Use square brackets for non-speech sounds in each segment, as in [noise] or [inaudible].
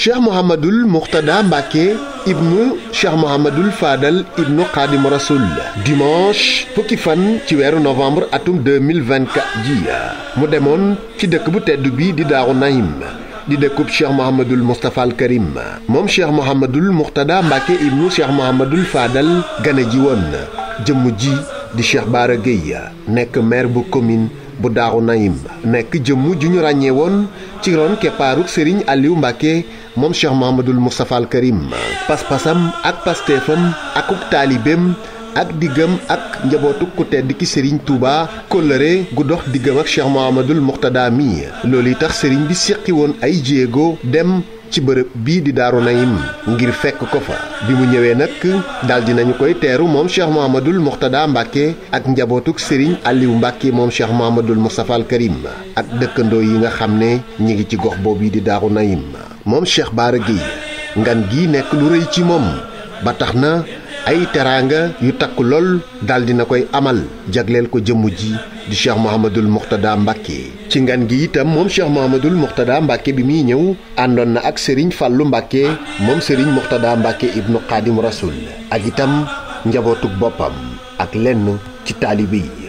Cheikh Muhammadul Muqtada Mbake ibnu Cheikh Muhammadul Fadal ibnu Qadim Rasul dimanche fukki fan ci weeru novembre atum 2024 ji ya. mu demoon ci dëkk bu bi di Daaru Naim. di dëkkub cheikh Muhammadul mustapha al karim mom cheikh Muhammadul muqtada Mbake ibnu cheikh Muhammadul fadal gane ji woon ji di cheikh Bara gueye nek maire bu commune bu Daru Naim nek jëm ju ñu ràññee won ci ron keppaaruk sëriñ aliou mbàkke moom Cheikh Mouhamadul Moustapha al Karim pas-pasam ak pasteefam akuk taalibeem ak diggam ak njabootu ku tedd ki Serigne Touba kóllëre gu dox diggam ak Cheikh Mouhamadul Mourtada mi loolu yi tax Serigne bi séqi woon ay jéego dem ci bërëb bii di Daaru Nayim ngir fekk ko fa bi mu ñëwee nag daal di nañu koy teeru moom Cheikh Mouhamadul Mourtada Mbacke ak njabootuk Serigne Aliou Mbacke moom Cheikh Mouhamadul Moustapha al Karim ak dëkkandoo yi nga xam ne ñi ngi ci gox boobu di Daaru Nayim moom Cheikh Bara gi ngan gi nekk lu rëy ci moom ba tax na ay teraanga yu takk lool daal na koy amal jagleel ko jëmm ji di Cheikh Mouhamadul Mourtada Mbacke. ci ngan gi itam moom Cheikh Mouhamadul Mourtada Mbacke bi muy ñëw àndoon na ak sëriñ fàllu Mbacke moom Serigne Mourtada Mbacke ibnu Xaadim Rasul ak itam njabootug boppam ak lenn ci taalibe yi.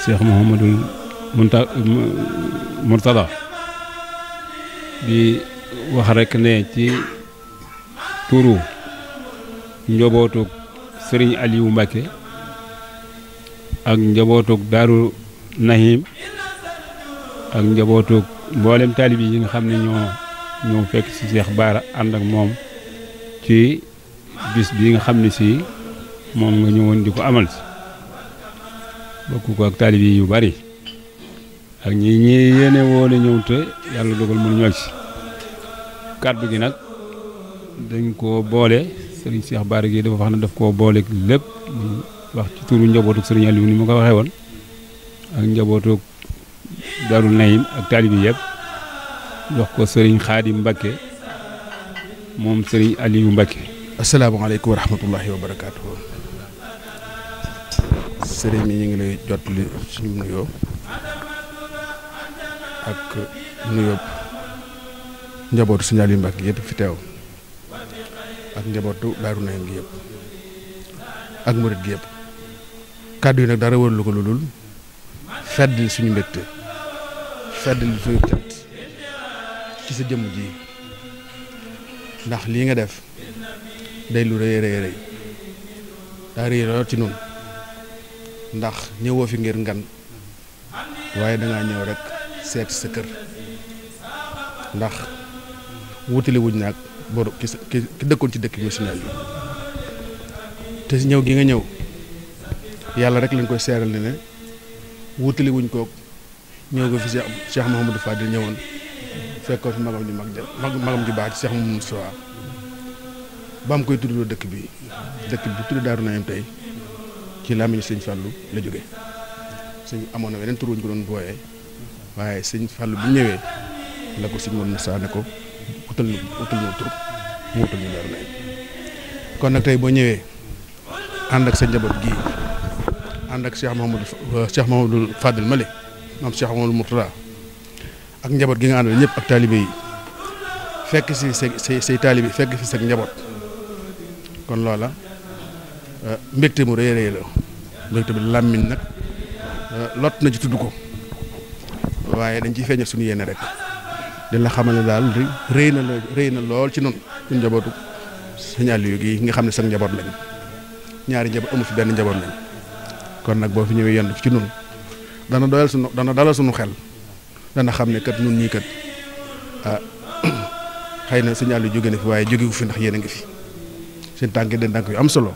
Cheikh Mouhamadou Mounta Mourtada di wax rekk ne ci turu njabootu sëriñ Aliou Mbacke ak njabootu Daaru Nahim ak njabootu mboolem taalib yi nga xam ne ñoo ñoo fekk ci Cheikh Baara ànd ak moom ci bis bi nga xam ne si moom nga ñëwoon di ko amal si bokk ko ak taalib yi yu bari ak ñi ñi yéene woon a yàlla dogal mënuñu agsi kàddu gi nag dañ koo boole sëriñ Cheikh Bara gi dafa wax ne daf koo boole lépp mu wax ci turu njabootu sëriñ Aliou ni ma ko waxee woon ak njabootu Darou Naïm ak taalib yi yëpp jox ko sëriñ Xaadim Mbakke moom sëriñ Aliou Mbakke asalaamaaleykum wa rahmatullahi wa barakaatu. sëriñ bi ñu ngi lay jot li suñu nuyoo ak nuyoo njabootu Sëriñ Aliou Mbacke yëpp fi teew ak njabootu Daaru Nayim gi yëpp ak murit gi yëpp kàddu yi nag dara wërlu ko lu dul fedd suñu mbett fedd suñu cat ci sa jëmm ji ndax lii nga def day lu rëy rëy rëy daa rëy lool ci noonu. ndax ñëwoo fi ngir ngan waaye dangaa ñëw rek seet sa kër ndax wutali wuñ naag boru ki dëkkoon ci dëkk missionnaire yi te ñëw gi nga ñëw yàlla rek lañ koy seeral ne ne wutali wuñ koog ñëw nga fi Cheikh Cheikh Mouhamadou Fadil ñëwoon fekkoon fi magam ju mag ja magam ju baax ci seex Mouhamadou Sowa ba mu koy tudd dëkk bi dëkk bi tudd Daaru Naim tey ci làmmiñ sëñ Fallou la jóge sëñ amoon na weneen tur wuñ ko doon booyee waaye sëñ Fallou bu ñëwee la ko sëñ woon saa ne ko utal ñu utal ñu tur mu utal ñu leer nag tey boo ñëwee ànd ak sa njaboot gii ànd ak Cheikh Mahamadou euh, Cheikh Mahamadou Fadel Mali maam ak njaboot gi nga àndal ñëpp ak taalibe yi fekk si say say taalibe fekk fi sa njaboot kon loola. mbégte mu rëy rëy la mbégte bi làmmiñ nag eh, lot na ci tudd ko waaye dañ ciy feeñal suñu yéene rek di la xamal ne daal rëy na la rëy na lool ci noonu suñ njabootu sëñ Aliou yi nga xam ne sax njaboot lañ ñaari njaboot amu fi benn njaboot kon nag boo fi ñëwee yendu fi ci noonu dana doyal suñu dana dalal suñu xel dana xam ne kat nun ñii kat ah [clears throat] xëy na sëñ Aliou jóge na fi waaye jógewu fi ndax yéen a ngi fi seen tànk de tànk yu am solo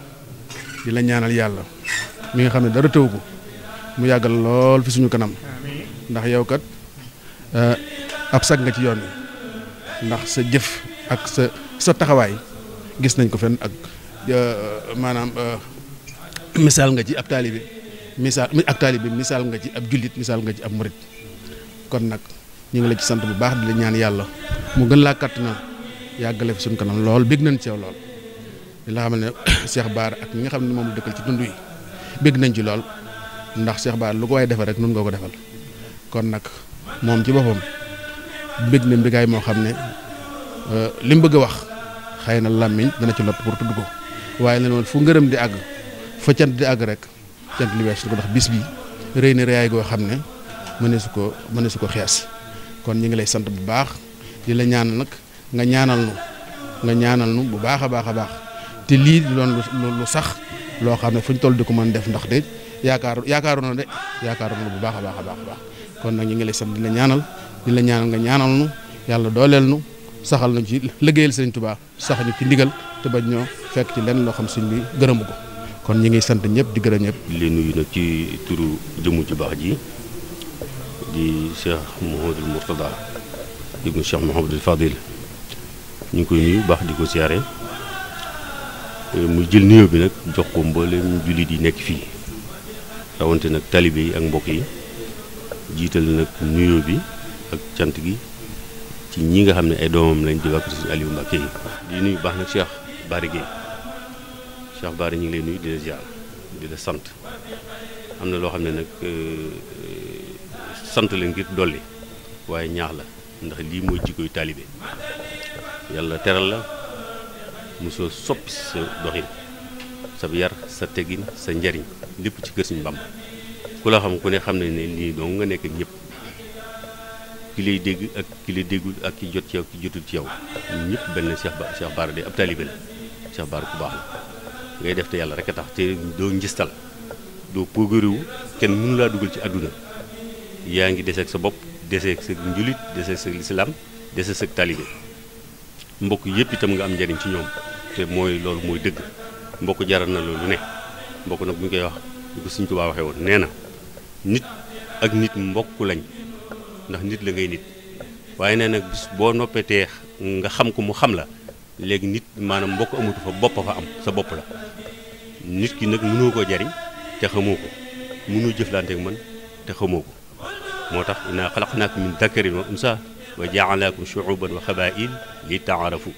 di la ñaanal yàlla mi nga xam ne dara tëw ko mu yàggal lool fi suñu kanam ndax yow kat eh, ab sag nga ci yoon ndax sa jëf ak sa sa taxawaay gis nañ ko fenn ak eh, maanaam eh, misaal nga ci ab taalibe misaal ak taalibe misaal nga ci ab jullit misaal nga ci ab murit kon nag ñu ngi la ci sant bu baax di la ñaan yàlla mu gën laa kàtt na yàggale fi suñu kanam lool bégg nañ ci lool. di la xamal ne [coughs] Cheikh baar ak ñi nga xam ne moom dëkkal ci tund yi bégg nañ ci lool ndax seex Bara lu ko waaye defal rek nun nga ko defal kon nag moom ci boppam bégg ne mbigaay moo xam ne euh, li mu bëgg a wax xëy na làmmiñ dana ci lopp pour tudd ko waaye leen fu ngërëm di àgg fa cant di àgg rek cant li weesu ko ndax bis bi rëy na rëyaay goo xam ne mëneesu ko mëneesu ko xees kon ñu ngi lay sant bu baax di la ñaan nag nga ñaanal nu nga ñaanal nu bu baax a baax a baax te lii di doon lu sax loo xam ne fu ñu toll di ko mën def ndax de yaakaar yaakaaroon na de yaakaaroon na bu baax a baax a baax kon nag ñu ngi lay sant dina ñaanal di la ñaanal nga ñaanal nu yàlla dooleel nu saxal nañ ci liggéeyal sëriñ tubaax sax ñu ci ndigal te bañ ñoo fekk ci lenn loo xam sëriñ bi gërëmu ko kon ñu ngi sant ñëpp di gërëm ñëpp. li nuyu nag ci turu jëmu ju baax ji di Cheikh Mouhamadul Mourtada ibnu Cheikh Mouhamadul Fadil ñu ngi koy nuyu baax di ko siyaare. mu jël nuyoo bi nag jox ko mboolem jullit yi nekk fii rawante nag talibe yi ak mbokk yi jiital nag nuyoo bi ak cant gi ci ñi nga xam ne ay doomam lañ di wàkk suñu Aliou Mbacke yi. di nuyu baax nag Cheikh Bary Guèye Cheikh Bary ñu ngi lay nuyu di la ziar di la sant am na loo xam ne nag euh, sant la ngir dolli waaye ñaax la ndax lii mooy jikkoy talibe yàlla teral la. mosoo soppi sa doxin sa yar sa tegin sa njariñ lépp ci kër Sëñ Bàmba ku la xam ku ne xam ne ne lii doo nga nekk ñëpp ki lay dégg ak ki lay déggul ak ki jot ci yow ci yow benn Cheikh Ba Cheikh Bara de ab taalibe la Cheikh Bara ku baax la ngay def te yàlla rek a tax te doo njistal doo pogoriwu kenn mënu laa dugal ci àdduna yaa ngi deseeg sa bopp deseeg sa njulit deseeg sa lislaam deseeg sa taalibe mbokk yëpp itam nga am njariñ ci ñoom te mooy loolu mooy dëgg mbokk jaral na loolu ne mbokk nag bu ñu koy wax li ko Sëñ Tuubaa waxee woon nee na nit ak nit mbokk lañ ndax nit la ngay nit waaye nee na bis boo noppetee nga xam ko mu xam la léegi nit maanaam mbokk amatu fa bopp fa am sa bopp la nit ki nag mënoo ko jariñ te xamoo ko mënoo jëflante ak man te xamoo ko moo tax inna xalaqnaakum min dakarin wa unsa wa jaalnaakum shuuban wa xabaa'il li taarafu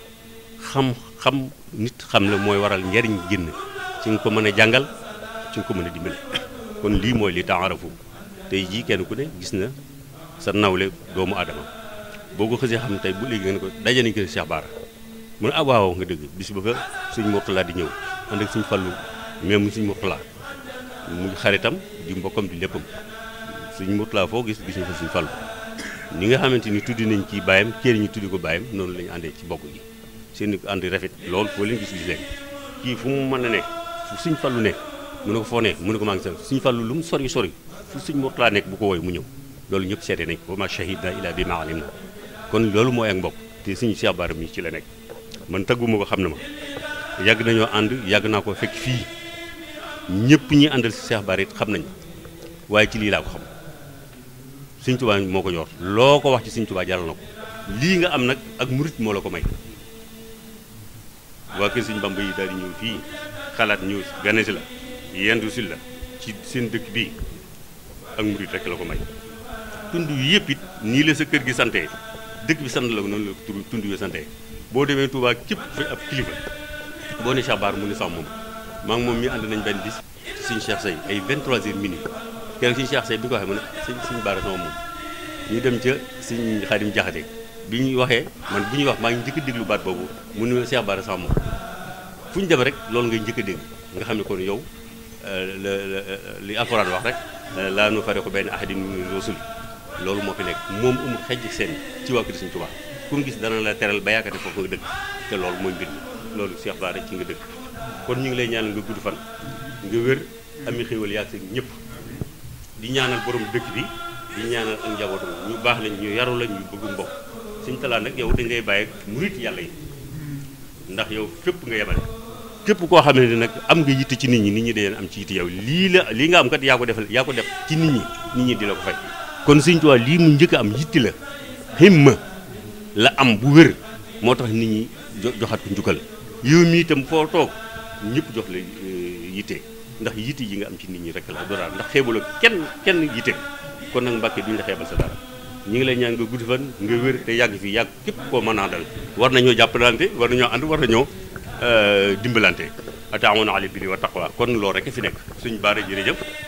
xam-xam nit xam la mooy waral njariñ génn ci nga ko mën a jàngal ci nga ko mën a dimbale [coughs] kon lii mooy li taarafu tey jii kenn ku ne gis na sa nawle doomu aadama boo ko xësee xam tey bu léegi nga ko daje nañ ko Cheikh Bara mu ne ah waaw nga dëgg bis ba fa suñ Mourtala di ñëw ànd ak suñ Fallu même suñ Mourtala muy xaritam di mbokkam di léppam suñ Mourtala foo gis gis ñu fa suñ Fallu ñi nga xamante ni tuddi nañ ci baayam kër ñu tuddi ko baayam noonu la àndee ci bokk gi seen ànd rafet lool foo leen gis gis leen kii fu mu mën na ne fu suñ fallu ne mu ne ko foo ne mu ne ko maa ngi sant suñ fallu lu mu sori sori fu suñ mortalaa nekk bu ko woy mu ñëw loolu ñëpp seete nañ wa ma shahidna ila bi ma alim na kon loolu mooy ak mbokk te suñu Cheikh Bara mi ci la nekk man tàgguma ko xam na ma yàgg nañoo ànd yàgg naa ko fekk fii ñëpp ñi àndal si seex Bara it xam nañ waaye ci lii laa ko xam Sëñ Tuubaa moo ko yor loo ko wax ci Sëñ Tuubaa jaral ko lii nga am nag ak murit moo la ko may waa kër Sëñ Bamba yi daal di ñëw fii xalaat ñëw gane si la yendu si la ci seen dëkk bii ak murit rek la ko may tund yi yëpp it nii la sa kër gi sante dëkk bi sant la ko noonu la ko tund wi sante boo demee Touba képp fay ab kilifa boo ne Cheikh baar mu ne sax moom maa moom mii ànd nañ benn bis ci suñu Cheikh Say ay 23 heures minutes kenn suñu Cheikh Say bi ko waxee mu ne suñ suñu Bara sama moom ñu dem ca suñ Xaadim Jaxate bi ñuy waxee man bu ñuy wax maa njëkk a déglu baat boobu mu ne Cheikh Bara Samb fu ñu dem rek loolu ngay njëkk a dégg nga xam ne kon yow euh, euh, li alxuraan wax rek euh, laa nu fare ko benn ahadin min rusuli loolu moo fi nekk moom amul xej seen ci waa kër Sëñ Tuubaa ku mu gis dana la teral ba yaakaar ne foofu nga dëgg te loolu mooy mbir mi loolu Cheikh Bara ci nga dëgg kon ñu ngi lay ñaanal nga gudd fan nga wér ami xéwal yaag sa ñëpp di ñaanal borom bi di ñaanal ak njabootam baax lañ ñu lañ ñu bëgg mbokk suñ talaan nag yow dañ lay bàyyi murit yàlla yi ndax yow fépp nga yemale képp koo xam ni nag am nga yitte ci nit ñi nit ñi dañu am ci yitte yow lii la lii nga am kat yaa ko defal yaa def ci nit ñi nit ñi di la ko fay kon Sëñ Tuubaa lii mu njëkk am yitte la himma am bu wér moo tax nit ñi joxat ko njukkal yow mi itam foo toog ñëpp jox la e, yitte ndax yitte yi nga am ci nit ñi rek la doraal ndax xeebuloo kenn kenn yitte kon nag Mbàkke duñ la xeebal sa daal ñu ngi lay ñaan nga gudd fan nga wér te yàgg fi yàgg képp koo mën naa dal war nañoo jàppalante war nañoo ànd war na nañoo euh, dimbalante a na ataawoon ala birri wa taqwa kon loolu rek fi nekk suñu baara jërëjëf